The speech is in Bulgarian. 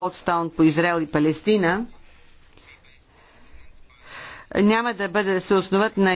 Олдстаун по Израел и Палестина, няма да бъде да се основат на